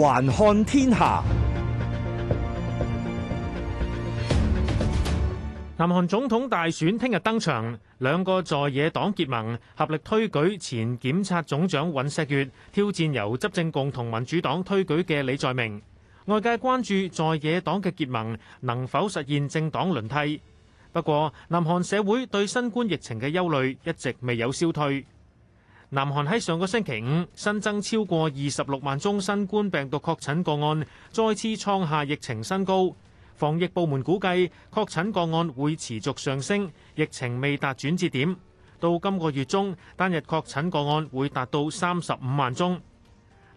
環看天下，南韓總統大選聽日登場，兩個在野黨結盟，合力推舉前檢察總長尹錫悅挑戰由執政共同民主黨推舉嘅李在明。外界關注在野黨嘅結盟能否實現政黨輪替。不過，南韓社會對新冠疫情嘅憂慮一直未有消退。南韓喺上個星期五新增超過二十六萬宗新冠病毒確診個案，再次創下疫情新高。防疫部門估計確診個案會持續上升，疫情未達轉折點。到今個月中，單日確診個案會達到三十五萬宗，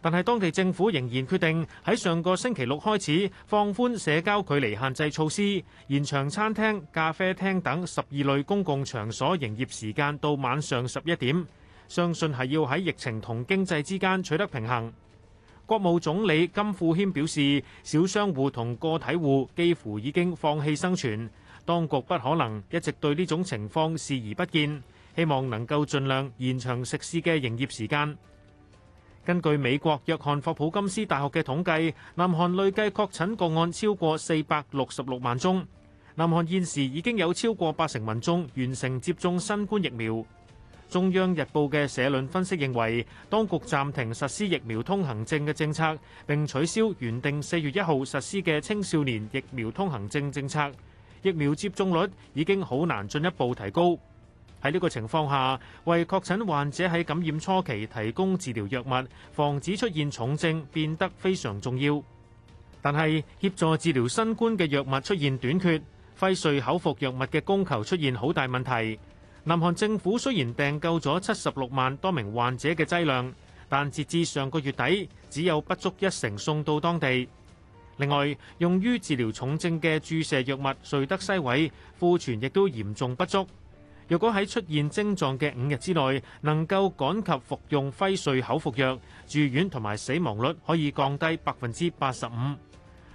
但係當地政府仍然決定喺上個星期六開始放寬社交距離限制措施，延長餐廳、咖啡廳等十二類公共場所營業時間到晚上十一點。相信係要喺疫情同經濟之間取得平衡。國務總理金富謙表示，小商戶同個體戶幾乎已經放棄生存，當局不可能一直對呢種情況視而不見，希望能夠盡量延長食肆嘅營業時間。根據美國約翰霍普金斯大學嘅統計，南韓累計確診個案超過四百六十六萬宗，南韓現時已經有超過八成民眾完成接種新冠疫苗。中央日報嘅社論分析認為，當局暫停實施疫苗通行證嘅政策，並取消原定四月一號實施嘅青少年疫苗通行證政策，疫苗接種率已經好難進一步提高。喺呢個情況下，為確診患者喺感染初期提供治療藥物，防止出現重症，變得非常重要。但係協助治療新冠嘅藥物出現短缺，輝瑞口服藥物嘅供求出現好大問題。南韓政府雖然訂購咗七十六萬多名患者嘅劑量，但截至上個月底，只有不足一成送到當地。另外，用於治療重症嘅注射藥物瑞德西韋庫存亦都嚴重不足。若果喺出現症狀嘅五日之內能夠趕及服用輝瑞口服藥，住院同埋死亡率可以降低百分之八十五。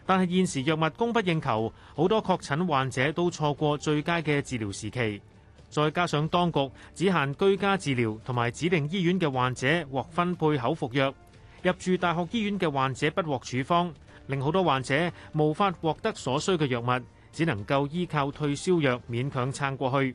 但係現時藥物供不應求，好多確診患者都錯過最佳嘅治療時期。再加上當局只限居家治療同埋指定醫院嘅患者獲分配口服藥，入住大學醫院嘅患者不獲處方，令好多患者無法獲得所需嘅藥物，只能夠依靠退燒藥勉強撐過去。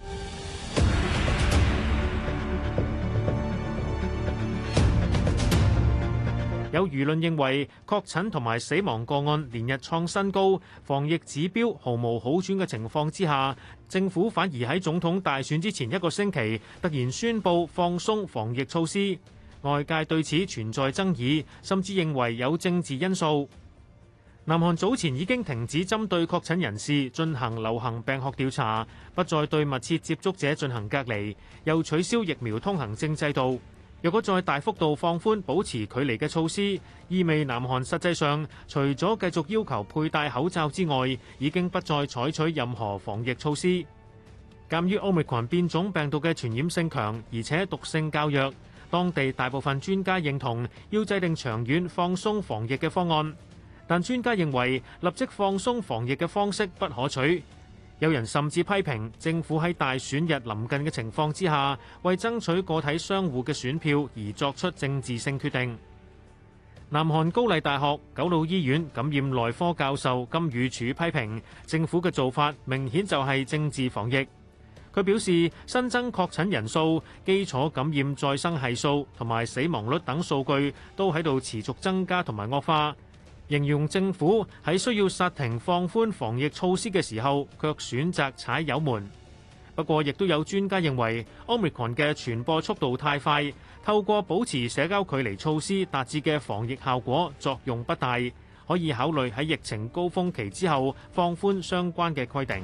有輿論認為，確診同埋死亡個案連日創新高，防疫指標毫無好轉嘅情況之下，政府反而喺總統大選之前一個星期突然宣布放鬆防疫措施，外界對此存在爭議，甚至認為有政治因素。南韓早前已經停止針對確診人士進行流行病學調查，不再對密切接觸者進行隔離，又取消疫苗通行證制度。若果再大幅度放寬保持距離嘅措施，意味南韓實際上除咗繼續要求佩戴口罩之外，已經不再採取任何防疫措施。鑒於歐密群變種病毒嘅傳染性強，而且毒性較弱，當地大部分專家認同要制定長遠放鬆防疫嘅方案，但專家認為立即放鬆防疫嘅方式不可取。有人甚至批評政府喺大選日臨近嘅情況之下，為爭取個體商戶嘅選票而作出政治性決定。南韓高麗大學九老醫院感染內科教授金宇柱批評政府嘅做法明顯就係政治防疫。佢表示，新增確診人數、基礎感染再生係數同埋死亡率等數據都喺度持續增加同埋惡化。形容政府喺需要剎停放寬防疫措施嘅時候，卻選擇踩油門。不過亦都有專家認為，Omicron 嘅傳播速度太快，透過保持社交距離措施達至嘅防疫效果作用不大，可以考慮喺疫情高峰期之後放寬相關嘅規定。